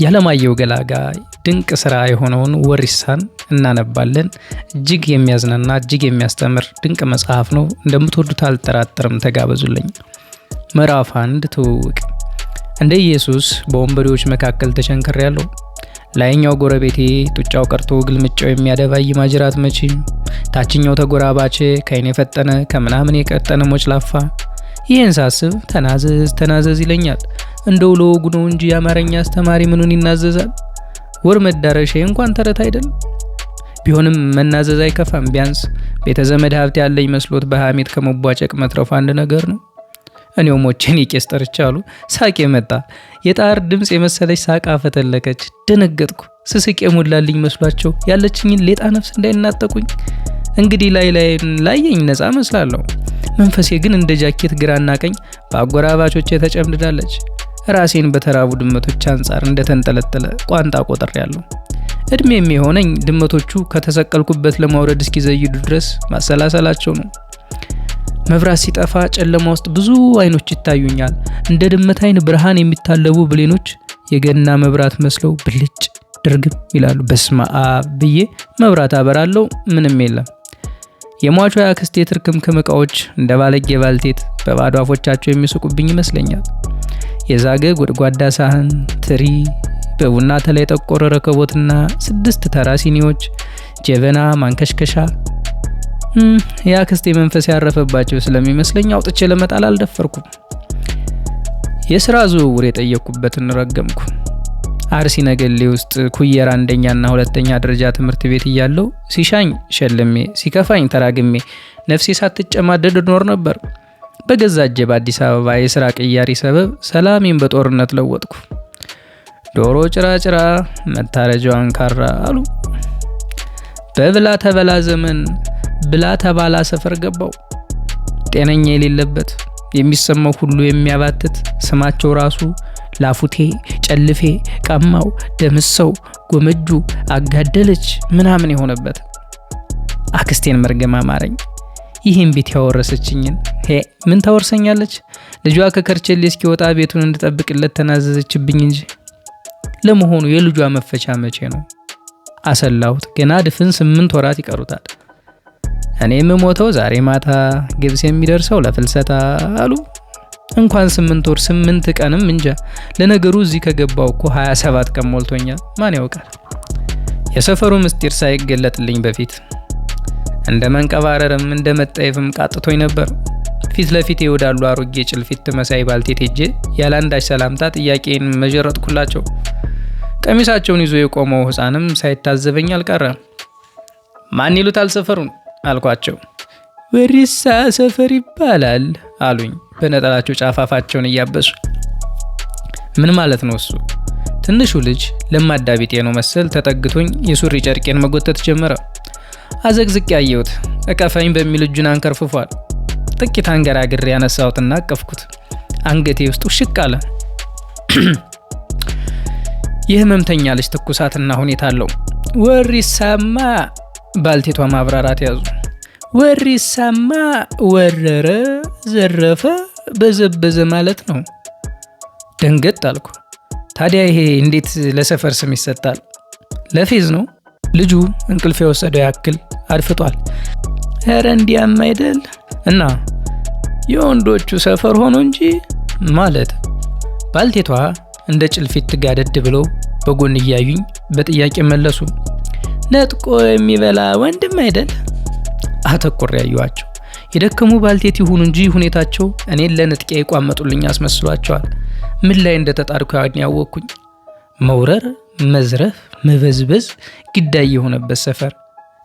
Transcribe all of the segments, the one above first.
የአለማየሁ ገላጋ ድንቅ ስራ የሆነውን ወሪሳን እናነባለን። እጅግ የሚያዝናና እጅግ የሚያስተምር ድንቅ መጽሐፍ ነው። እንደምትወዱት አልጠራጠርም። ተጋበዙልኝ። ምዕራፍ አንድ ትውውቅ። እንደ ኢየሱስ በወንበዴዎች መካከል ተቸንከር ያለው ላይኛው ጎረቤቴ ጡጫው ቀርቶ ግልምጫው የሚያደባይ ማጅራት መቺ፣ ታችኛው ተጎራባቼ ከይን የፈጠነ ከምናምን የቀጠነ ሞጭላፋ ይህን ሳስብ ተናዘዝ ተናዘዝ ይለኛል። እንደ ውሎ ጉኖ እንጂ የአማርኛ አስተማሪ ምኑን ይናዘዛል? ወር መዳረሻዬ እንኳን ተረት አይደለም። ቢሆንም መናዘዝ አይከፋም። ቢያንስ ቤተዘመድ ሀብት ያለኝ መስሎት በሀሜት ከመቧጨቅ መትረፉ አንድ ነገር ነው። እኔው ሞቼን የቄስ ጠርቻ አሉ። ሳቄ መጣ። የጣር ድምፅ የመሰለች ሳቅ አፈተለከች ደነገጥኩ። ስስቅ የሞላልኝ መስሏቸው ያለችኝን ሌጣ ነፍስ እንዳይናጠቁኝ። እንግዲህ ላይ ላይ ላየኝ ነፃ መስላለሁ። መንፈሴ ግን እንደ ጃኬት ግራና ቀኝ በአጎራባቾች ተጨምድዳለች። ራሴን በተራቡ ድመቶች አንጻር እንደተንጠለጠለ ቋንጣ ቆጠር ያለው እድሜም የሆነኝ ድመቶቹ ከተሰቀልኩበት ለማውረድ እስኪዘይዱ ድረስ ማሰላሰላቸው ነው። መብራት ሲጠፋ ጨለማ ውስጥ ብዙ አይኖች ይታዩኛል። እንደ ድመት አይን ብርሃን የሚታለቡ ብሌኖች የገና መብራት መስለው ብልጭ ድርግም ይላሉ። በስማ ብዬ መብራት አበራለው። ምንም የለም። የሟቿ የአክስቴ ትርክምክም እቃዎች እንደ ባለጌ ባልቴት በባዶ አፎቻቸው የሚስቁብኝ ይመስለኛል። የዛገ ጎድጓዳ ሳህን፣ ትሪ፣ በቡና ተላ የጠቆረ ረከቦትና ስድስት ተራ ሲኒዎች፣ ጀበና፣ ማንከሽከሻ የአክስቴ መንፈስ ያረፈባቸው ስለሚመስለኝ አውጥቼ ለመጣል አልደፈርኩም። የስራ ዝውውር የጠየቅኩበትን ረገምኩ። አርሲ ነገሌ ውስጥ ኩየር አንደኛና ሁለተኛ ደረጃ ትምህርት ቤት እያለው ሲሻኝ ሸልሜ ሲከፋኝ ተራግሜ ነፍሴ ሳትጨማደድ ኖር ነበር። በገዛ እጄ በአዲስ አበባ የስራ ቅያሪ ሰበብ ሰላሜን በጦርነት ለወጥኩ። ዶሮ ጭራጭራ መታረጃዋን ካራ አሉ። በብላ ተበላ ዘመን ብላ ተባላ ሰፈር ገባው። ጤነኛ የሌለበት የሚሰማው ሁሉ የሚያባትት ስማቸው ራሱ ላፉቴ፣ ጨልፌ፣ ቀማው፣ ደምሰው፣ ጎመጁ፣ አጋደለች ምናምን የሆነበት አክስቴን መርገም አማረኝ። ይህን ቤት ያወረሰችኝን ሄ ምን ታወርሰኛለች? ልጇ ከከርቸሌ እስኪወጣ ቤቱን እንድጠብቅለት ተናዘዘችብኝ እንጂ። ለመሆኑ የልጇ መፈቻ መቼ ነው? አሰላሁት። ገና ድፍን ስምንት ወራት ይቀሩታል። እኔ የምሞተው ዛሬ ማታ፣ ግብስ የሚደርሰው ለፍልሰታ አሉ። እንኳን ስምንት ወር ስምንት ቀንም እንጃ። ለነገሩ እዚህ ከገባው እኮ 27 ቀን ሞልቶኛል። ማን ያውቃል? የሰፈሩ ምስጢር ሳይገለጥልኝ በፊት እንደ መንቀባረርም እንደ መጠየፍም ቃጥቶኝ ነበር። ፊት ለፊት ይወዳሉ አሮጌ ጭልፊት መሳይ ባልቴት ሄጄ ያለ አንዳች ሰላምታ ጥያቄን መጀረጥኩላቸው። ቀሚሳቸውን ይዞ የቆመው ህፃንም ሳይታዘበኝ አልቀረም። ማን ይሉታል ሰፈሩን አልኳቸው። ወሪሳ ሰፈር ይባላል አሉኝ። በነጠላቸው ጫፋፋቸውን እያበሱ ምን ማለት ነው እሱ? ትንሹ ልጅ ለማዳ ቢጤ ነው መሰል ተጠግቶኝ የሱሪ ጨርቄን መጎተት ጀመረ። አዘግዝቅ ያየሁት እቀፈኝ በሚል እጁን አንከርፍፏል። ጥቂት አንገራግሬ ያነሳሁትና አቀፍኩት። አንገቴ ውስጥ ውሽቅ አለ። የህመምተኛ ልጅ ትኩሳትና ሁኔታ አለው። ወሪሳማ ባልቴቷ ማብራራት ያዙ። ወሪሳማ ወረረ፣ ዘረፈ፣ በዘበዘ ማለት ነው። ደንገጥ አልኩ። ታዲያ ይሄ እንዴት ለሰፈር ስም ይሰጣል? ለፌዝ ነው። ልጁ እንቅልፍ የወሰደው ያክል አድፍጧል። ኧረ እንዲያም አይደል እና የወንዶቹ ሰፈር ሆኖ እንጂ ማለት ባልቴቷ እንደ ጭልፊት ትጋደድ ብለው በጎን እያዩኝ በጥያቄ መለሱ። ነጥቆ የሚበላ ወንድም አይደል አተኮር ያየዋቸው የደከሙ ባልቴት ይሁኑ እንጂ ሁኔታቸው እኔን ለንጥቂያ የቋመጡልኝ አስመስሏቸዋል። ምን ላይ እንደተጣድኩ ያን ያወቅኩኝ። መውረር፣ መዝረፍ፣ መበዝበዝ ግዳይ የሆነበት ሰፈር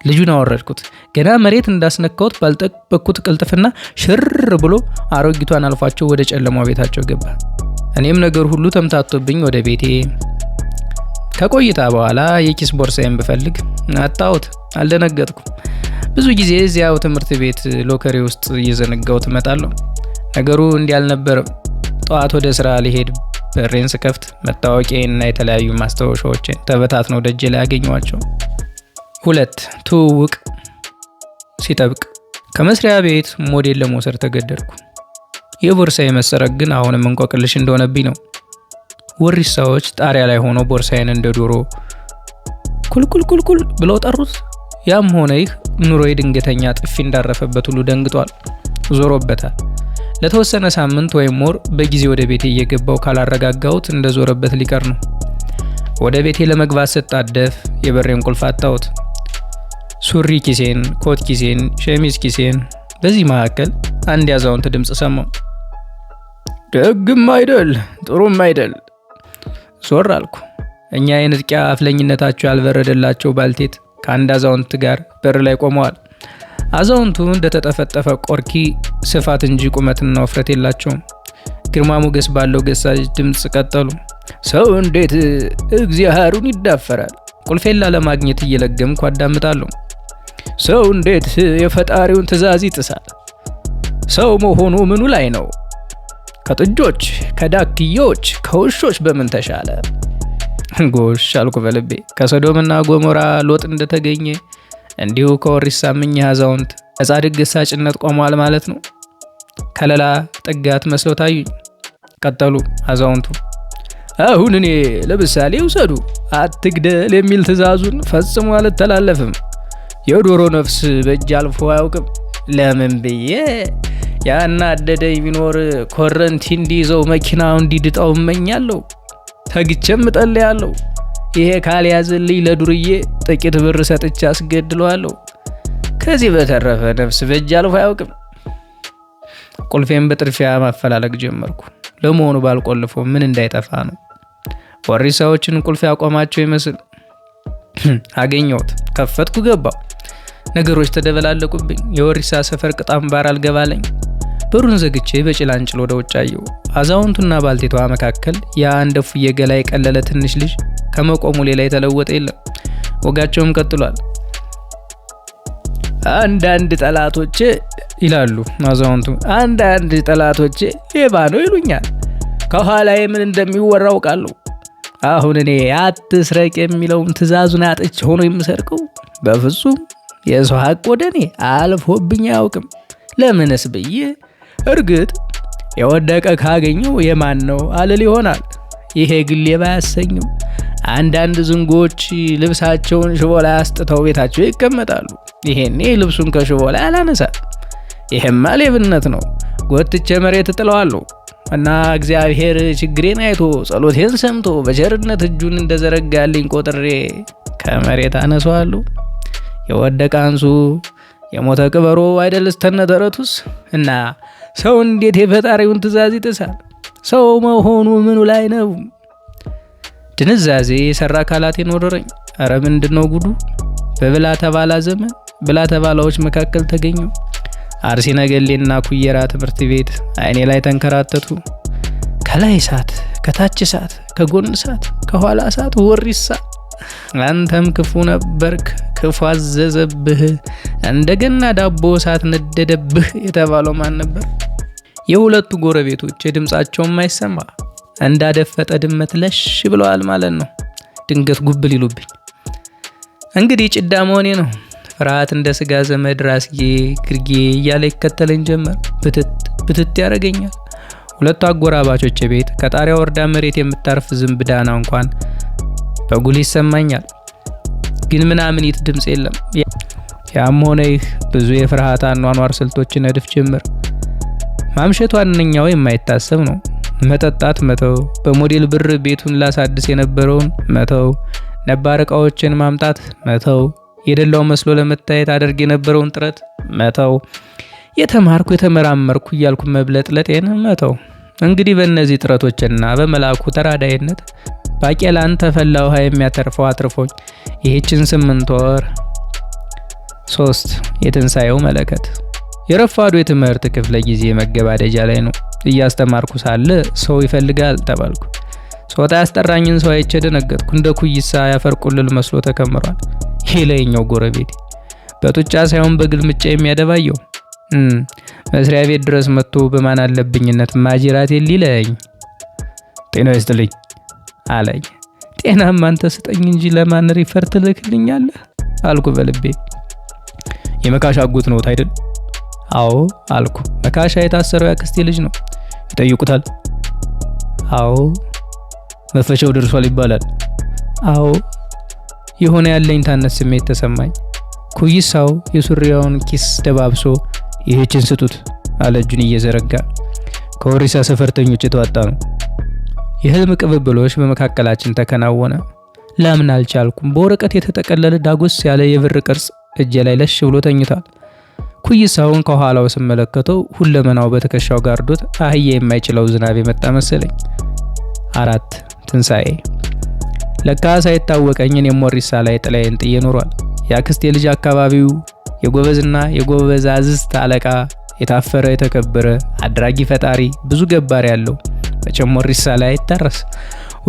ልጁን አወረድኩት። ገና መሬት እንዳስነካሁት ባልጠበቅኩት ቅልጥፍና ሽር ብሎ አሮጊቷን አልፏቸው ወደ ጨለማ ቤታቸው ገባ። እኔም ነገር ሁሉ ተምታቶብኝ ወደ ቤቴ። ከቆይታ በኋላ የኪስ ቦርሳዬን ብፈልግ አጣሁት። አልደነገጥኩም። ብዙ ጊዜ እዚያው ትምህርት ቤት ሎከሪ ውስጥ እየዘነጋው ትመጣለሁ። ነገሩ እንዲህ አልነበረም። ጠዋት ወደ ስራ ሊሄድ በሬን ስከፍት እና የተለያዩ ማስታወሻዎችን ተበታትነው ደጅ ላይ ያገኘዋቸው ሁለት ትውውቅ ሲጠብቅ ከመስሪያ ቤት ሞዴል ለመውሰድ ተገደድኩ። የቦርሳዬ መሰረቅ ግን አሁንም እንቆቅልሽ እንደሆነብኝ ነው። ወሪሳዎች ጣሪያ ላይ ሆነው ቦርሳዬን እንደ ዶሮ ኩልኩልኩልኩል ብለው ጠሩት። ያም ሆነ ይህ ኑሮዬ ድንገተኛ ጥፊ እንዳረፈበት ሁሉ ደንግጧል፣ ዞሮበታል። ለተወሰነ ሳምንት ወይም ወር በጊዜ ወደ ቤቴ እየገባው ካላረጋጋሁት እንደዞረበት ሊቀር ነው። ወደ ቤቴ ለመግባት ስጣደፍ የበሬን ቁልፍ አጣሁት። ሱሪ ኪሴን፣ ኮት ኪሴን፣ ሸሚዝ ኪሴን። በዚህ መካከል አንድ ያዛውንት ድምፅ ሰማው። ደግም አይደል ጥሩም አይደል። ዞር አልኩ። እኛ የንጥቂያ አፍለኝነታቸው ያልበረደላቸው ባልቴት ከአንድ አዛውንት ጋር በር ላይ ቆመዋል። አዛውንቱ እንደተጠፈጠፈ ቆርኪ ስፋት እንጂ ቁመትና ውፍረት የላቸውም። ግርማ ሞገስ ባለው ገሳጅ ድምፅ ቀጠሉ። ሰው እንዴት እግዚአብሔሩን ይዳፈራል? ቁልፌላ ለማግኘት እየለገምኩ አዳምጣለሁ። ሰው እንዴት የፈጣሪውን ትእዛዝ ይጥሳል? ሰው መሆኑ ምኑ ላይ ነው? ከጥጆች ከዳክዬዎች ከውሾች በምን ተሻለ? ጎሽ አልኩ በልቤ። ከሶዶምና ጎሞራ ሎጥ እንደተገኘ እንዲሁ ከወሪሳ ምኝ አዛውንት ከጻድቅ ጭነት ቆሟል ማለት ነው። ከለላ ጥጋት መስለው ታዩኝ። ቀጠሉ አዛውንቱ። አሁን እኔ ለምሳሌ ውሰዱ፣ አትግደል የሚል ትዕዛዙን ፈጽሞ አልተላለፍም። የዶሮ ነፍስ በእጅ አልፎ አያውቅም። ለምን ብዬ ያናደደኝ ቢኖር ኮረንቲ እንዲይዘው መኪናው እንዲድጠው እመኛለሁ። ተግቼም እጠልያለሁ። ይሄ ካልያዘልኝ ለዱርዬ ጥቂት ብር ሰጥቼ አስገድለዋለሁ። ከዚህ በተረፈ ነፍስ በእጅ አልፎ አያውቅም። ቁልፌን በጥድፊያ ማፈላለግ ጀመርኩ። ለመሆኑ ባልቆልፎ ምን እንዳይጠፋ ነው? ወሪሳዎችን ቁልፍ ያቆማቸው ይመስል አገኘሁት። ከፈትኩ፣ ገባው ነገሮች ተደበላለቁብኝ። የወሪሳ ሰፈር ቅጥ አልገባለኝ። በሩን ዘግቼ በጭላንጭል ወደ ውጭ አየሁ። አዛውንቱና ባልቴቷ መካከል የአንድ እፉዬ ገላ የቀለለ ትንሽ ልጅ ከመቆሙ ሌላ የተለወጠ የለም። ወጋቸውም ቀጥሏል። አንዳንድ ጠላቶቼ ይላሉ አዛውንቱ፣ አንዳንድ ጠላቶቼ ሌባ ነው ይሉኛል። ከኋላዬ ምን እንደሚወራ አውቃለሁ። አሁን እኔ አትስረቅ የሚለውን ትዕዛዙን አጥቼ ሆኖ የምሰርቀው በፍጹም የሰው ሀቅ ወደ እኔ አልፎብኝ አያውቅም። ለምንስ ብዬ እርግጥ የወደቀ ካገኘው የማን ነው አልል ይሆናል። ይሄ ግሌ ባያሰኝም አንዳንድ ዝንጎች ልብሳቸውን ሽቦ ላይ አስጥተው ቤታቸው ይቀመጣሉ። ይሄኔ ልብሱን ከሽቦ ላይ አላነሳ። ይሄማ ሌብነት ነው። ጎትቼ መሬት እጥለዋለሁ እና እግዚአብሔር ችግሬን አይቶ ጸሎቴን ሰምቶ በቸርነት እጁን እንደዘረጋልኝ ቆጥሬ ከመሬት አነሰዋለሁ። የወደቀ አንሱ የሞተ ቀበሮ አይደል እስተነ ተረቱስ እና ሰው እንዴት የፈጣሪውን ትእዛዝ ይጥሳል? ሰው መሆኑ ምኑ ላይ ነው? ድንዛዜ የሰራ አካላቴን ወረረኝ። አረ ምንድን ነው ጉዱ? በብላ ተባላ ዘመን ብላ ተባላዎች መካከል ተገኙ አርሲ ነገሌና ኩየራ ትምህርት ቤት አይኔ ላይ ተንከራተቱ። ከላይ እሳት፣ ከታች እሳት፣ ከጎን እሳት፣ ከኋላ እሳት፣ ወሪ እሳት አንተም ክፉ ነበርክ፣ ክፉ አዘዘብህ፣ እንደገና ዳቦ እሳት ነደደብህ የተባለው ማን ነበር? የሁለቱ ጎረቤቶች የድምፃቸው የማይሰማ እንዳደፈጠ ድመት ለሽ ብለዋል ማለት ነው። ድንገት ጉብ ሊሉብኝ እንግዲህ ጭዳ መሆኔ ነው። ፍርሃት እንደ ስጋ ዘመድ ራስጌ ግርጌ እያለ ይከተለኝ ጀመር። ብትት ብትት ያደርገኛል። ሁለቱ አጎራባቾች ቤት ከጣሪያ ወርዳ መሬት የምታርፍ ዝንብ ዳና እንኳን በጉል ይሰማኛል፣ ግን ይት ድምፅ የለም። ያም ሆነ ይህ ብዙ የፍርሃት አኗኗር ስልቶችን እድፍ ጅምር ማምሸት ዋነኛው የማይታሰብ ነው። መጠጣት መተው፣ በሞዴል ብር ቤቱን ላሳድስ የነበረውን መተው፣ ነባር እቃዎችን ማምጣት መተው፣ የደላው መስሎ ለመታየት አደርግ የነበረውን ጥረት መተው፣ የተማርኩ የተመራመርኩ እያልኩ መብለጥለጤን መተው። እንግዲህ በእነዚህ ጥረቶችና በመልአኩ ተራዳይነት ባቄላን ተፈላ ውሃ የሚያተርፈው አትርፎኝ ይህችን ስምንት ወር። ሶስት የትንሣኤው መለከት የረፋዱ የትምህርት ክፍለ ጊዜ መገባደጃ ላይ ነው። እያስተማርኩ ሳለ ሰው ይፈልጋል ተባልኩ። ጾታ ያስጠራኝን ሰው አይቼ ደነገጥኩ። እንደ ኩይሳ ያፈር ቁልል መስሎ ተከምሯል። ይሄ ላይኛው ጎረቤቴ በጡጫ ሳይሆን በግልምጫ የሚያደባየው መስሪያ ቤት ድረስ መጥቶ በማን አለብኝነት ማጅራቴ ሊለኝ ጤና ይስጥልኝ አለኝ። ጤናም አንተ ስጠኝ እንጂ ለማን ሪፈር ትልክልኛለህ? አልኩ በልቤ። የመካሻ አጎት ነዎት አይደል? አዎ አልኩ። መካሻ የታሰረው ያክስቴ ልጅ ነው። ይጠይቁታል? አዎ። መፈቻው ደርሷል ይባላል? አዎ። የሆነ ያለኝ ታነት ስሜት ተሰማኝ። ኩይሳው የሱሪያውን ኪስ ደባብሶ ይህችን ስጡት አለ እጁን እየዘረጋ ከወሪሳ ሰፈርተኞች የተዋጣ ነው። የህልም ቅብብሎች በመካከላችን ተከናወነ። ላምን አልቻልኩም። በወረቀት የተጠቀለለ ዳጎስ ያለ የብር ቅርጽ እጄ ላይ ለሽ ብሎ ተኝቷል። ኩይሳውን ከኋላው ስመለከተው ሁለመናው በትከሻው ጋርዶት አህያ የማይችለው ዝናብ የመጣ መሰለኝ። አራት ትንሣኤ ለካ ሳይታወቀኝን የሞሪሳ ላይ ጥላዬን ጥዬ ኖሯል። የአክስት የልጅ አካባቢው የጎበዝና አዝስት አለቃ የታፈረ የተከበረ አድራጊ ፈጣሪ ብዙ ገባር ያለው መቼም ወሪሳ ላይ አይታረስ።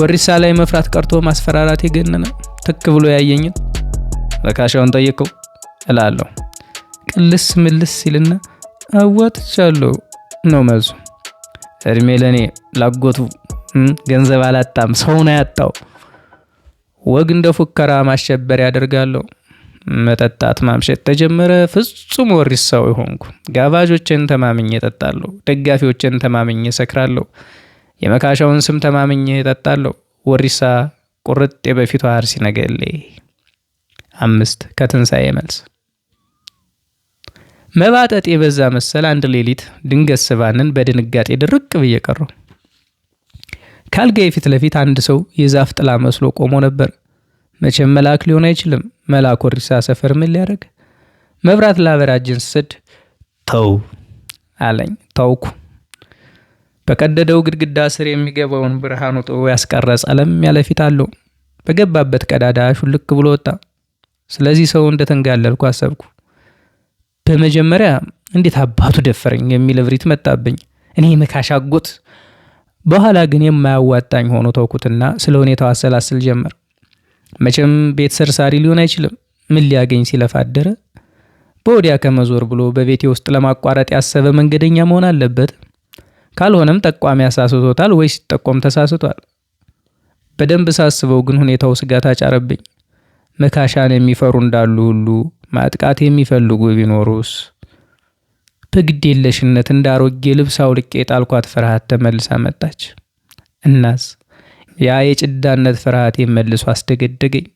ወሪሳ ላይ መፍራት ቀርቶ ማስፈራራት የገነነ ትክ ብሎ ያየኝን በካሻውን ጠይቀው እላለሁ። ቅልስ ምልስ ሲልና አዋጥቻለሁ ነው መልሱ። እድሜ ለእኔ ላጎቱ ገንዘብ አላጣም፣ ሰው ነው ያጣው። ወግ እንደ ፉከራ ማሸበር ያደርጋለሁ። መጠጣት ማምሸት ተጀመረ። ፍጹም ወሪሳው ሆንኩ። ጋባዦችን ተማምኜ እጠጣለሁ፣ ደጋፊዎችን ተማምኜ ሰክራለሁ። የመካሻውን ስም ተማምኜ እጠጣለሁ። ወሪሳ ቁርጥ በፊቱ አርሲ ነገሌ። አምስት ከትንሣኤ መልስ መባጠጥ የበዛ መሰል አንድ ሌሊት ድንገት ስባንን በድንጋጤ ድርቅ ብዬ ቀረሁ። ካልጋ የፊት ለፊት አንድ ሰው የዛፍ ጥላ መስሎ ቆሞ ነበር። መቼም መልአክ ሊሆን አይችልም። መልአክ ወሪሳ ሰፈር ምን ሊያደርግ? መብራት ላበራጅን ስድ ተው አለኝ። ተውኩ። በቀደደው ግድግዳ ስር የሚገባውን ብርሃኑ ውጦ ያስቀረጸ አለም ያለፊት አለው። በገባበት ቀዳዳ ሹልክ ብሎ ወጣ። ስለዚህ ሰው እንደተንጋለልኩ አሰብኩ። በመጀመሪያ እንዴት አባቱ ደፈረኝ የሚል እብሪት መጣብኝ። እኔ መካሻ አጎት። በኋላ ግን የማያዋጣኝ ሆኖ ተውኩትና ስለ ሁኔታው አሰላስል ጀመር። መቼም ቤት ሰርሳሪ ሊሆን አይችልም። ምን ሊያገኝ ሲለፋ አደረ። በወዲያ ከመዞር ብሎ በቤቴ ውስጥ ለማቋረጥ ያሰበ መንገደኛ መሆን አለበት። ካልሆነም ጠቋሚ ያሳስቶታል ወይ ሲጠቆም ተሳስቷል። በደንብ ሳስበው ግን ሁኔታው ስጋት አጫረብኝ። መካሻን የሚፈሩ እንዳሉ ሁሉ ማጥቃት የሚፈልጉ ቢኖሩስ? በግድ የለሽነት እንደ አሮጌ ልብስ አውልቄ የጣልኳት ፍርሃት ተመልሳ መጣች። እናስ ያ የጭዳነት ፍርሃት የመልሶ አስደገደገኝ።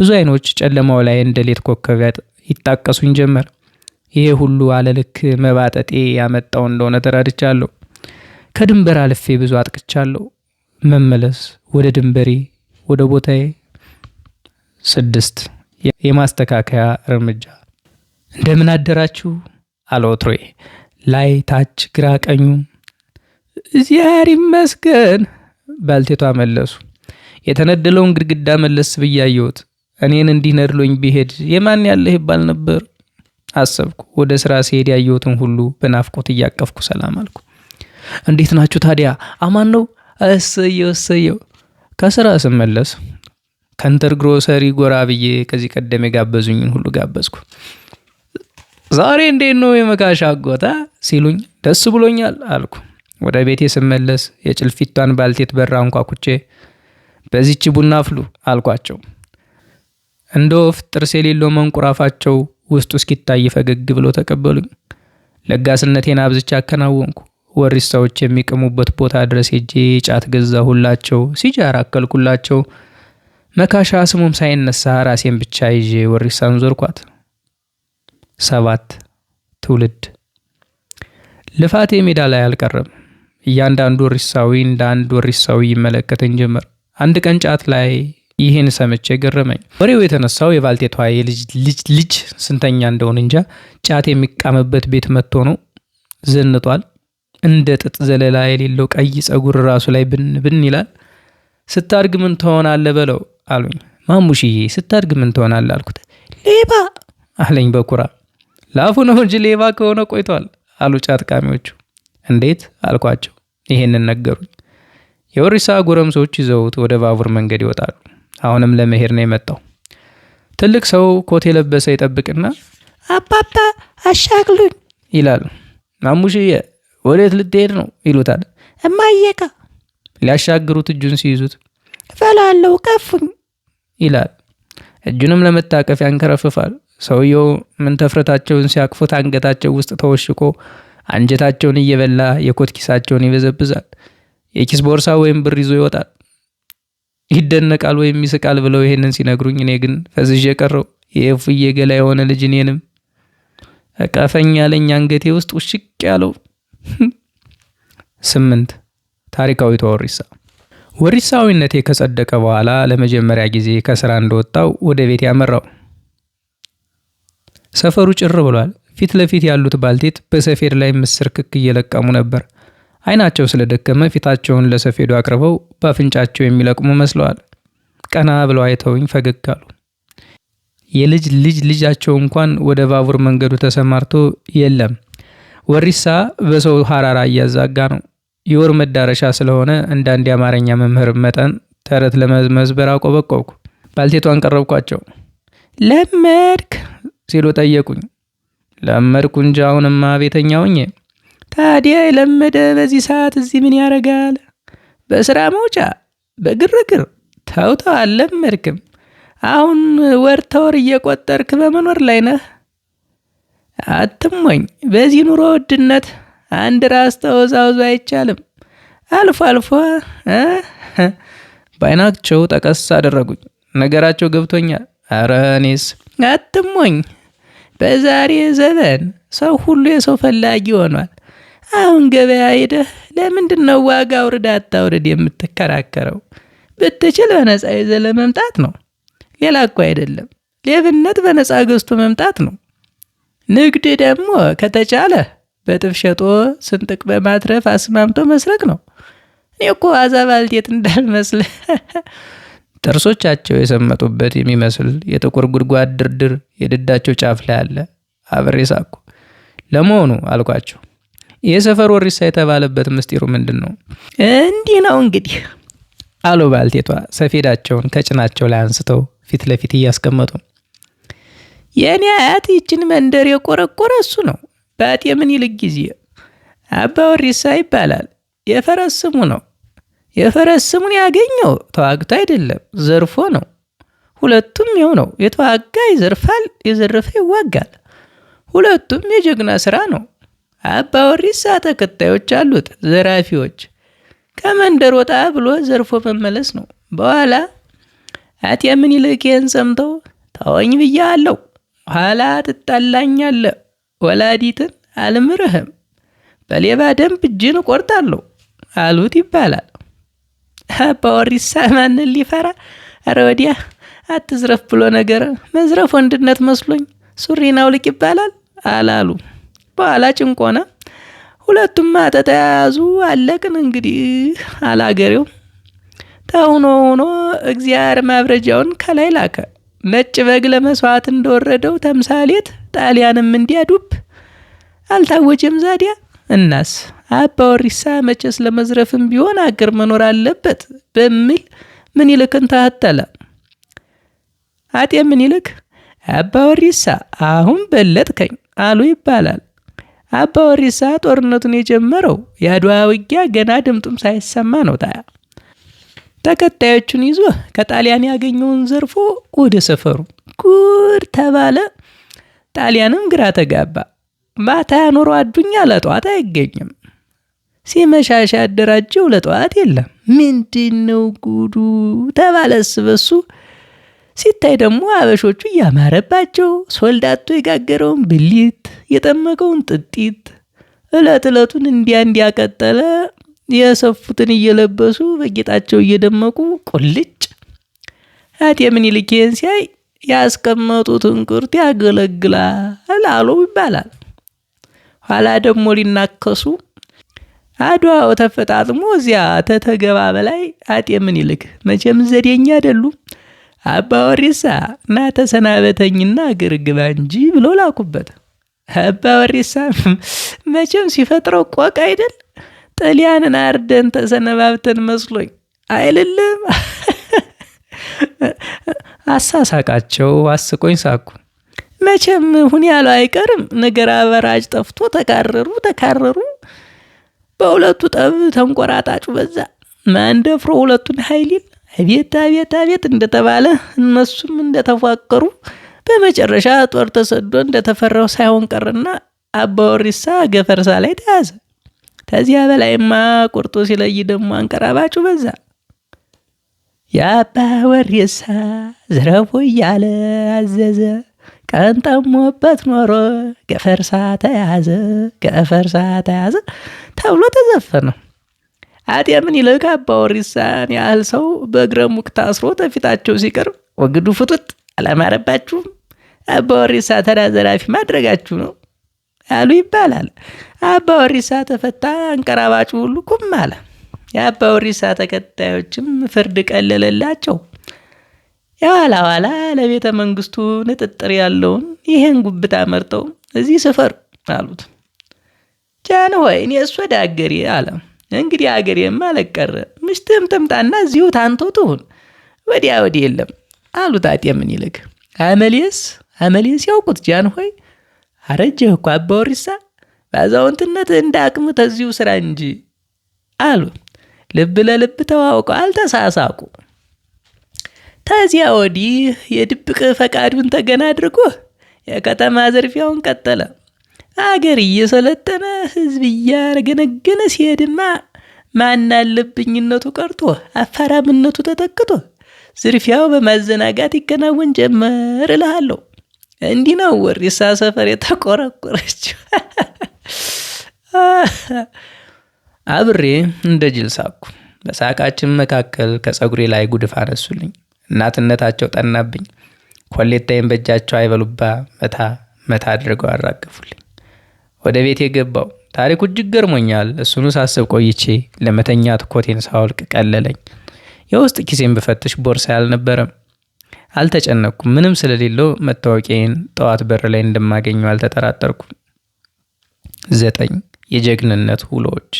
ብዙ አይኖች ጨለማው ላይ እንደ ሌት ኮከብ ይጣቀሱኝ ጀመር። ይሄ ሁሉ አለልክ መባጠጤ ያመጣው እንደሆነ ተረድቻለሁ። ከድንበር አልፌ ብዙ አጥቅቻለሁ። መመለስ ወደ ድንበሬ ወደ ቦታዬ። ስድስት የማስተካከያ እርምጃ እንደምን አደራችሁ አልወትሮዬ ላይ ታች ግራ ቀኙ እግዚአብሔር ይመስገን ባልቴቷ መለሱ። የተነደለውን ግድግዳ መለስ ብያየሁት። እኔን እንዲህ ነድሎኝ ቢሄድ የማን ያለህ ይባል ነበር አሰብኩ። ወደ ስራ ሲሄድ ያየሁትን ሁሉ በናፍቆት እያቀፍኩ ሰላም አልኩ። እንዴት ናችሁ ታዲያ? አማን ነው? እሰየው እሰየው። ከስራ ስመለስ ከንተር ግሮሰሪ ጎራ ብዬ ከዚህ ቀደም የጋበዙኝን ሁሉ ጋበዝኩ። ዛሬ እንዴት ነው የመካሻ አጎታ ሲሉኝ ደስ ብሎኛል አልኩ። ወደ ቤቴ ስመለስ የጭልፊቷን ባልቴት በራ ኩቼ በዚች ቡና ፍሉ አልኳቸው። እንደ ወፍ ጥርስ የሌለው መንቁራፋቸው ውስጡ እስኪታይ ፈገግ ብሎ ተቀበሉኝ። ለጋስነቴን አብዝቼ አከናወንኩ። ወሪሳዎች የሚቀሙበት ቦታ ድረስ ሄጄ ጫት ገዛሁላቸው፣ ሲጃራ አከልኩላቸው። መካሻ ስሙም ሳይነሳ ራሴን ብቻ ይዤ ወሪሳን ዞርኳት። ሰባት ትውልድ ልፋቴ ሜዳ ላይ አልቀረም። እያንዳንዱ ወሪሳዊ እንደ አንድ ወሪሳዊ ይመለከተኝ ጀመር። አንድ ቀን ጫት ላይ ይህን ሰምቼ ገረመኝ። ወሬው የተነሳው የባልቴቷ የልጅ ልጅ ስንተኛ እንደሆን እንጃ ጫት የሚቃምበት ቤት መጥቶ ነው። ዘንጧል። እንደ ጥጥ ዘለላ የሌለው ቀይ ጸጉር ራሱ ላይ ብን ብን ይላል። ስታድግ ምን ትሆናለህ በለው አሉኝ። ማሙሽዬ ስታድግ ምን ትሆናለህ አልኩት። ሌባ አለኝ በኩራ። ላፉ ነው እንጂ ሌባ ከሆነ ቆይቷል አሉ ጫጥቃሚዎቹ። እንዴት አልኳቸው። ይሄንን ነገሩኝ። የወሪሳ ጎረምሶች ይዘውት ወደ ባቡር መንገድ ይወጣሉ። አሁንም ለመሄድ ነው የመጣው። ትልቅ ሰው ኮት የለበሰ ይጠብቅና አባባ አሻግሉኝ ይላል። ማሙሽዬ ወዴት ልትሄድ ነው ይሉታል። እማየቃ ሊያሻግሩት እጁን ሲይዙት እፈላለሁ ቀፉኝ ይላል። እጁንም ለመታቀፍ ያንከረፍፋል። ሰውየው ምንተፍረታቸውን ሲያቅፉት አንገታቸው ውስጥ ተወሽቆ አንጀታቸውን እየበላ የኮት ኪሳቸውን ይበዘብዛል። የኪስ ቦርሳ ወይም ብር ይዞ ይወጣል። ይደነቃል ወይም ይስቃል ብለው ይሄንን ሲነግሩኝ እኔ ግን ፈዝዤ ቀረው። የእፉዬ ገላ የሆነ ልጅ እኔንም እቀፈኝ ያለኝ አንገቴ ውስጥ ውሽቅ ያለው ስምንት ታሪካዊ ወሪሳ ወሪሳዊነቴ ከጸደቀ በኋላ ለመጀመሪያ ጊዜ ከስራ እንደወጣው ወደ ቤት ያመራው። ሰፈሩ ጭር ብሏል። ፊት ለፊት ያሉት ባልቴት በሰፌድ ላይ ምስር ክክ እየለቀሙ ነበር። አይናቸው ስለደከመ ፊታቸውን ለሰፌዱ አቅርበው በአፍንጫቸው የሚለቅሙ መስለዋል። ቀና ብለው አይተውኝ ፈገግ አሉ። የልጅ ልጅ ልጃቸው እንኳን ወደ ባቡር መንገዱ ተሰማርቶ የለም ወሪሳ በሰው ሀራራ እያዛጋ ነው። የወር መዳረሻ ስለሆነ እንደ አንድ የአማርኛ መምህር መጠን ተረት ለመመዝበር አቆበቆብኩ። ባልቴቷን ቀረብኳቸው። ለመድክ ሲሉ ጠየቁኝ። ለመድኩ እንጂ አሁንማ ቤተኛ ሆኜ። ታዲያ የለመደ በዚህ ሰዓት እዚህ ምን ያደርጋል? በስራ መውጫ በግርግር ተውተው አልለመድክም። አሁን ወር ተወር እየቆጠርክ በመኖር ላይ ነህ። አትሞኝ። በዚህ ኑሮ ውድነት አንድ ራስ ተወዛውዞ አይቻልም። አልፎ አልፎ በአይናቸው ጠቀስ አደረጉኝ። ነገራቸው ገብቶኛል። አረ እኔስ አትሞኝ። በዛሬ ዘመን ሰው ሁሉ የሰው ፈላጊ ሆኗል። አሁን ገበያ ሄደህ ለምንድን ነው ዋጋ አውርድ አታውርድ የምትከራከረው? ብትችል በነፃ ይዘህ ለመምጣት ነው። ሌላ እኮ አይደለም። ሌብነት በነፃ ገዝቶ መምጣት ነው። ንግድ ደግሞ ከተቻለ በጥፍ ሸጦ ስንጥቅ በማትረፍ አስማምቶ መስረቅ ነው። እኔ እኮ አዛ ባልቴት እንዳልመስል ጥርሶቻቸው የሰመጡበት የሚመስል የጥቁር ጉድጓድ ድርድር የድዳቸው ጫፍ ላይ አለ። አብሬ ሳኩ። ለመሆኑ አልኳቸው ይህ ሰፈር ወሪሳ የተባለበት ምስጢሩ ምንድን ነው? እንዲህ ነው እንግዲህ አሉ ባልቴቷ ሰፌዳቸውን ከጭናቸው ላይ አንስተው ፊት ለፊት እያስቀመጡ የእኔ አያት ይችን መንደር የቆረቆረ እሱ ነው። በአጤ ምኒልክ ጊዜ አባ ወሪሳ ይባላል። የፈረስ ስሙ ነው። የፈረስ ስሙን ያገኘው ተዋግቶ አይደለም ዘርፎ ነው። ሁለቱም ይኸው ነው። የተዋጋ ይዘርፋል፣ የዘረፈ ይዋጋል። ሁለቱም የጀግና ስራ ነው። አባ ወሪሳ ተከታዮች አሉት ዘራፊዎች። ከመንደር ወጣ ብሎ ዘርፎ መመለስ ነው። በኋላ አጤ ምኒልክ ይህን ሰምተው ተወኝ ብዬ አለው ኋላ ትጣላኛለህ። ወላዲትን አልምርህም፣ በሌባ ደንብ እጅን እቆርጣለሁ አሉት ይባላል። አባወሪሳ ማንን ሊፈራ? አረ ወዲያ አትዝረፍ ብሎ ነገር መዝረፍ ወንድነት መስሎኝ ሱሪን አውልቅ ይባላል አላሉ። በኋላ ጭንቆና ሁለቱም ተተያያዙ። አለቅን እንግዲህ አላገሬው ተሁኖ ሆኖ እግዚአብሔር ማብረጃውን ከላይ ላከ። ነጭ በግ ለመስዋዕት እንደወረደው ተምሳሌት ጣሊያንም እንዲያዱብ አልታወጀም ዛዲያ። እናስ አባ ወሪሳ መቼስ ለመዝረፍም ቢሆን አገር መኖር አለበት በሚል ምኒልክን ታተለ። አጤ ምኒልክ አባ ወሪሳ አሁን በለጥከኝ አሉ ይባላል። አባ ወሪሳ ጦርነቱን የጀመረው የአድዋ ውጊያ ገና ድምጡም ሳይሰማ ነው ታያ ተከታዮቹን ይዞ ከጣሊያን ያገኘውን ዘርፎ ወደ ሰፈሩ። ጉድ ተባለ። ጣሊያንም ግራ ተጋባ። ማታ ያኖረው አዱኛ ለጠዋት አይገኝም። ሲመሻሻ ያደራጀው ለጠዋት የለም። ምንድን ነው ጉዱ ተባለ። ስበሱ ሲታይ ደግሞ አበሾቹ እያማረባቸው ሶልዳቶ የጋገረውን ብሊት፣ የጠመቀውን ጥጢት እለት እለቱን እንዲያ እንዲያቀጠለ የሰፉትን እየለበሱ በጌጣቸው እየደመቁ ቁልጭ አጤ ምኒልክን ሲያይ ያስቀመጡትን እንቁርት ያገለግላል አሉ ይባላል። ኋላ ደግሞ ሊናከሱ አድዋው ተፈጣጥሞ እዚያ ተተገባ በላይ አጤ ምኒልክ መቼም ዘዴኛ አይደሉም። አባ ወሪሳ ና ተሰናበተኝና ግርግባ እንጂ ብሎ ላኩበት። አባ ወሪሳ መቼም ሲፈጥረው ቆቅ አይደል ጣሊያንን አርደን ተሰነባብተን መስሎኝ አይልልም። አሳሳቃቸው፣ አስቆኝ ሳኩ። መቼም ሁን ያለው አይቀርም። ነገር አበራጅ ጠፍቶ ተካረሩ ተካረሩ። በሁለቱ ጠብ ተንቆራጣጩ በዛ። ማን ደፍሮ ሁለቱን ኃይሊል አቤት አቤት አቤት እንደተባለ እነሱም እንደተፏቀሩ በመጨረሻ ጦር ተሰዶ እንደተፈራው ሳይሆን ቀርና አባወሪሳ ገፈርሳ ላይ ተያዘ። ከዚያ በላይማ ቁርጦ ሲለይ ደግሞ አንቀራባችሁ በዛ። የአባ ወሬሳ ዝረፎ እያለ አዘዘ ቀን ጠሞበት ኖሮ ገፈርሳ ተያዘ ገፈርሳ ተያዘ ተብሎ ተዘፈነ። አጤምን ይልቅ አባ ወሪሳን ያህል ሰው በእግረ ሙቅ ታስሮ ተፊታቸው ሲቀርብ ወግዱ ፍጡት አላማረባችሁም? አባ ወሪሳ ተራ ዘራፊ ማድረጋችሁ ነው። አሉ ይባላል። አባ ወሪሳ ተፈታ፣ አንቀራባጭ ሁሉ ቁም አለ። የአባ ወሪሳ ተከታዮችም ፍርድ ቀለለላቸው። የኋላ ኋላ ለቤተ መንግስቱ ንጥጥር ያለውን ይህን ጉብታ መርጠው እዚህ ስፈር አሉት። ጃን ሆይ እኔ እሱ ወደ አገሬ አለ። እንግዲህ አገሬም አለቀረ ምሽትም ትምጣና እዚሁ ታንቶ ትሁን ወዲያ ወዲህ የለም አሉት አጤ ምኒልክ። አመሌስ አመሌስ ያውቁት ጃን ሆይ አረጀህ እኮ አባወሪሳ፣ በአዛውንትነት እንደ አቅም ተዚሁ ስራ እንጂ አሉ። ልብ ለልብ ተዋውቀው አልተሳሳቁ። ተዚያ ወዲህ የድብቅ ፈቃዱን ተገና አድርጎ የከተማ ዝርፊያውን ቀጠለ። አገር እየሰለጠነ ሕዝብ እያረገነገነ ሲሄድማ ማናለብኝነቱ ቀርቶ አፋራምነቱ ተተክቶ ዝርፊያው በማዘናጋት ይከናወን ጀመር እልሃለሁ። እንዲህ ነው ወሪሳ ሰፈር የተቆረቆረችው። አብሬ እንደ ጅል ሳኩ። በሳቃችን መካከል ከጸጉሬ ላይ ጉድፍ አነሱልኝ። እናትነታቸው ጠናብኝ። ኮሌታዬን በእጃቸው አይበሉባ መታ መታ አድርገው አራገፉልኝ። ወደ ቤት የገባው ታሪኩ እጅግ ገርሞኛል። እሱኑ ሳስብ ቆይቼ ለመተኛት ኮቴን ሳወልቅ ቀለለኝ። የውስጥ ኪሴን ብፈትሽ ቦርሳ አልነበረም። አልተጨነቅኩም። ምንም ስለሌለው መታወቂያን ጠዋት በር ላይ እንደማገኘው አልተጠራጠርኩም። ዘጠኝ የጀግንነት ውሎዎች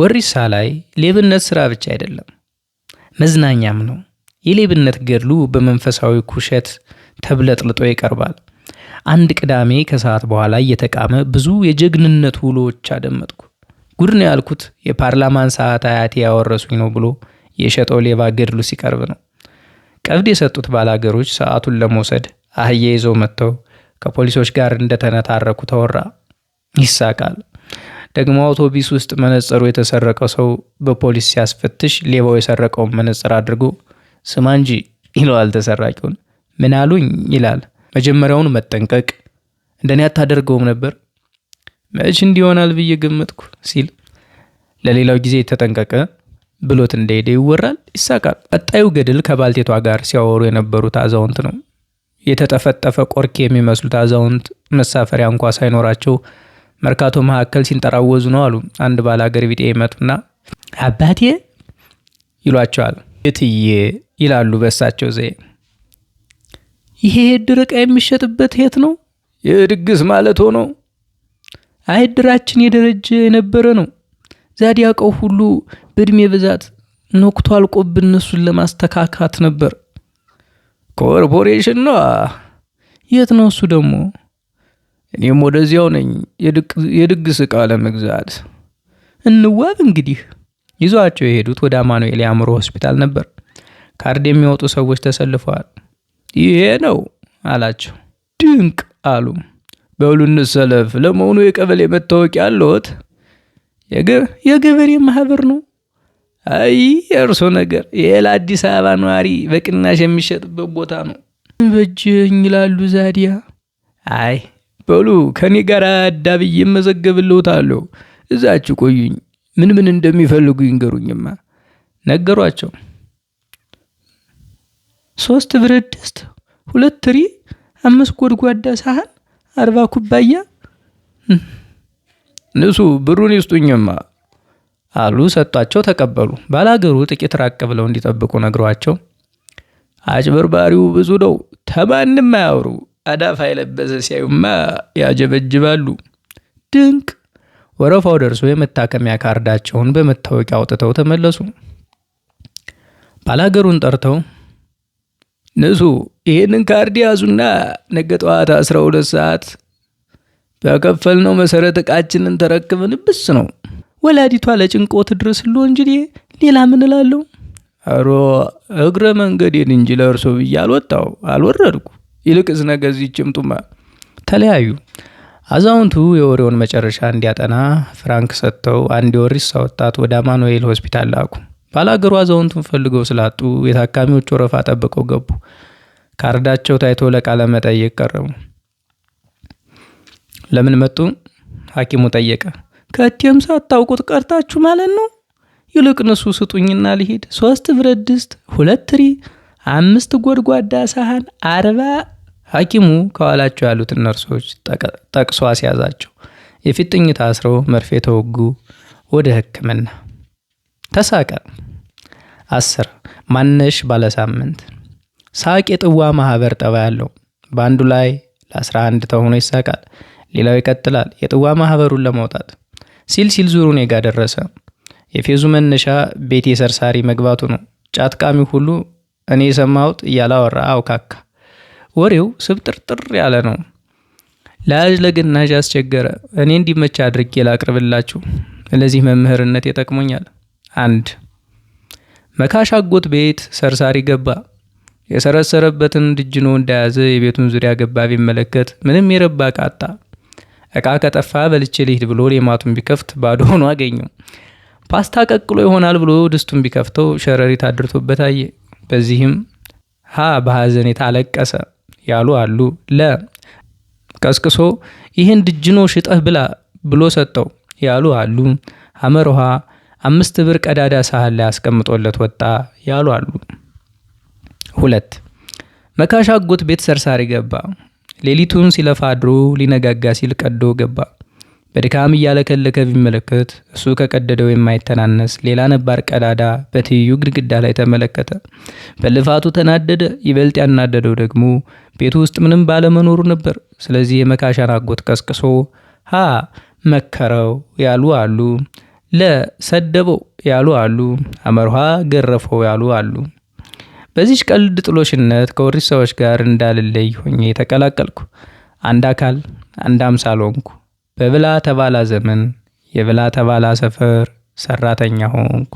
ወሪሳ ላይ ሌብነት ስራ ብቻ አይደለም፣ መዝናኛም ነው። የሌብነት ገድሉ በመንፈሳዊ ኩሸት ተብለጥልጦ ይቀርባል። አንድ ቅዳሜ ከሰዓት በኋላ እየተቃመ ብዙ የጀግንነት ውሎዎች አደመጥኩ። ጉድ ነው ያልኩት የፓርላማን ሰዓት አያቴ ያወረሱኝ ነው ብሎ የሸጠው ሌባ ገድሉ ሲቀርብ ነው። ቀብድ የሰጡት ባላገሮች ሰዓቱን ለመውሰድ አህያ ይዘው መጥተው ከፖሊሶች ጋር እንደተነታረኩ ተወራ። ይሳቃል። ደግሞ አውቶቢስ ውስጥ መነጽሩ የተሰረቀ ሰው በፖሊስ ሲያስፈትሽ ሌባው የሰረቀውን መነጽር አድርጎ ስማ እንጂ ይለዋል ተሰራቂውን። ምን አሉኝ ይላል። መጀመሪያውን መጠንቀቅ እንደኔ አታደርገውም ነበር መች እንዲሆናል ብዬ ገመጥኩ ሲል ለሌላው ጊዜ ተጠንቀቀ። ብሎት እንደሄደ ይወራል፣ ይሳቃል። ቀጣዩ ገድል ከባልቴቷ ጋር ሲያወሩ የነበሩት አዛውንት ነው። የተጠፈጠፈ ቆርኪ የሚመስሉት አዛውንት መሳፈሪያ እንኳ ሳይኖራቸው መርካቶ መካከል ሲንጠራወዙ ነው አሉ። አንድ ባላገር ቢጤ ይመጡና አባቴ ይሏቸዋል። የትዬ ይላሉ በሳቸው ዘዬ። ይሄ የዕድር ዕቃ የሚሸጥበት የት ነው? የድግስ ማለት ሆኖ አይድራችን የደረጀ የነበረ ነው ዛዲያቀው ሁሉ በእድሜ ብዛት ነክቶ አልቆብ እነሱን ለማስተካካት ነበር። ኮርፖሬሽን ነዋ። የት ነው እሱ ደግሞ? እኔም ወደዚያው ነኝ የድግስ ዕቃ ለመግዛት። እንዋብ እንግዲህ ይዟቸው የሄዱት ወደ አማኑኤል የአእምሮ ሆስፒታል ነበር። ካርድ የሚወጡ ሰዎች ተሰልፈዋል። ይሄ ነው አላቸው። ድንቅ አሉ። በሉ እንሰለፍ። ለመሆኑ የቀበሌ መታወቂያ አለዎት? የገበሬ ማህበር ነው። አይ የእርሶ ነገር የሌላ አዲስ አበባ ነዋሪ በቅናሽ የሚሸጥበት ቦታ ነው። በጀኝ ይላሉ ዛዲያ። አይ በሉ ከኔ ጋር አዳብዬ እመዘገብልዎታለሁ። እዛችሁ ቆዩኝ፣ ምን ምን እንደሚፈልጉ ይንገሩኝማ። ነገሯቸው። ሶስት ብረት ድስት፣ ሁለት ትሪ፣ አምስት ጎድጓዳ ሳህን፣ አርባ ኩባያ ንሱ ብሩን ይስጡኝማ አሉ። ሰጧቸው፣ ተቀበሉ። ባላገሩ ጥቂት ራቅ ብለው እንዲጠብቁ ነግሯቸው፣ አጭበርባሪው ብዙ ነው፣ ተማንም አያወሩ፣ አዳፋ የለበሰ ሲያዩማ ያጀበጅባሉ። ድንቅ! ወረፋው ደርሶ የመታከሚያ ካርዳቸውን በመታወቂያ አውጥተው ተመለሱ። ባላገሩን ጠርተው ንሱ ይህንን ካርድ ያዙና ነገ ጠዋት 12 ሰዓት በከፈልነው መሰረት እቃችንን ተረክበን ብስ ነው። ወላዲቷ ለጭንቆት ድረስሎ እንጂ ሌላ ምን እላለሁ? አሮ እግረ መንገዴን እንጂ ለእርሶ ብዬ አልወጣው አልወረድኩ። ይልቅስ ነገ ዚችም ተለያዩ። አዛውንቱ የወሬውን መጨረሻ እንዲያጠና ፍራንክ ሰጥተው አንድ የወሪሳ ወጣት ወደ አማኑኤል ሆስፒታል ላኩ። ባላገሩ አዛውንቱን ፈልገው ስላጡ የታካሚዎች ወረፋ ጠብቀው ገቡ። ካርዳቸው ታይቶ ለቃለ መጠይቅ ቀረቡ። ለምን መጡ? ሐኪሙ ጠየቀ። ከእቴም ሳታውቁት ቀርታችሁ ማለት ነው። ይልቅ ንሱ ስጡኝና ልሂድ። ሶስት ብረት ድስት፣ ሁለት ትሪ፣ አምስት ጎድጓዳ ሳህን፣ አርባ ሐኪሙ ከኋላቸው ያሉትን ነርሶች ጠቅሶ አስያዛቸው። የፊት ጥኝት አስረው መርፌ ተወጉ። ወደ ሕክምና ተሳቀ። አስር ማነሽ ባለሳምንት ሳቅ የጥዋ ማህበር ጠባ ያለው በአንዱ ላይ ለ11 ተሆኖ ይሳቃል። ሌላው ይቀጥላል የጥዋ ማህበሩን ለማውጣት ሲል ሲል ዙሩን ኔጋ ደረሰ። የፌዙ መነሻ ቤቴ ሰርሳሪ መግባቱ ነው። ጫት ቃሚው ሁሉ እኔ የሰማሁት እያላወራ አውካካ። ወሬው ስብጥርጥር ያለ ነው። ለአጅ ለግናዥ አስቸገረ። እኔ እንዲመቻ አድርጌ ላቅርብላችሁ። ለዚህ መምህርነት ይጠቅሞኛል። አንድ መካሻጎት ቤት ሰርሳሪ ገባ። የሰረሰረበትን ድጅኖ እንዳያዘ የቤቱን ዙሪያ ገባ ቢመለከት ምንም የረባ ቃጣ እቃ ከጠፋ በልቼ ልሂድ ብሎ ሌማቱን ቢከፍት ባዶ ሆኖ አገኘው። ፓስታ ቀቅሎ ይሆናል ብሎ ድስቱን ቢከፍተው ሸረሪት አድርቶበት አየ። በዚህም ሀ በሐዘን የታለቀሰ ያሉ አሉ። ለ ቀስቅሶ ይህን ድጅኖ ሽጠህ ብላ ብሎ ሰጠው ያሉ አሉ። አመርሃ አምስት ብር ቀዳዳ ሳህን ላይ አስቀምጦለት ወጣ ያሉ አሉ። ሁለት መካሻ አጎት ቤት ሰርሳሪ ገባ። ሌሊቱን ሲለፋ አድሮ ሊነጋጋ ሲል ቀዶ ገባ። በድካም እያለከለከ ቢመለከት እሱ ከቀደደው የማይተናነስ ሌላ ነባር ቀዳዳ በትይዩ ግድግዳ ላይ ተመለከተ። በልፋቱ ተናደደ። ይበልጥ ያናደደው ደግሞ ቤቱ ውስጥ ምንም ባለመኖሩ ነበር። ስለዚህ የመካሻን አጎት ቀስቅሶ ሀ መከረው ያሉ አሉ፣ ለሰደበው ያሉ አሉ፣ አመርሃ ገረፈው ያሉ አሉ። በዚች ቀልድ ጥሎሽነት ከወሪሳዎች ሰዎች ጋር እንዳልለይ ሆኜ የተቀላቀልኩ አንድ አካል አንድ አምሳል ሆንኩ። በብላ ተባላ ዘመን የብላ ተባላ ሰፈር ሰራተኛ ሆንኩ።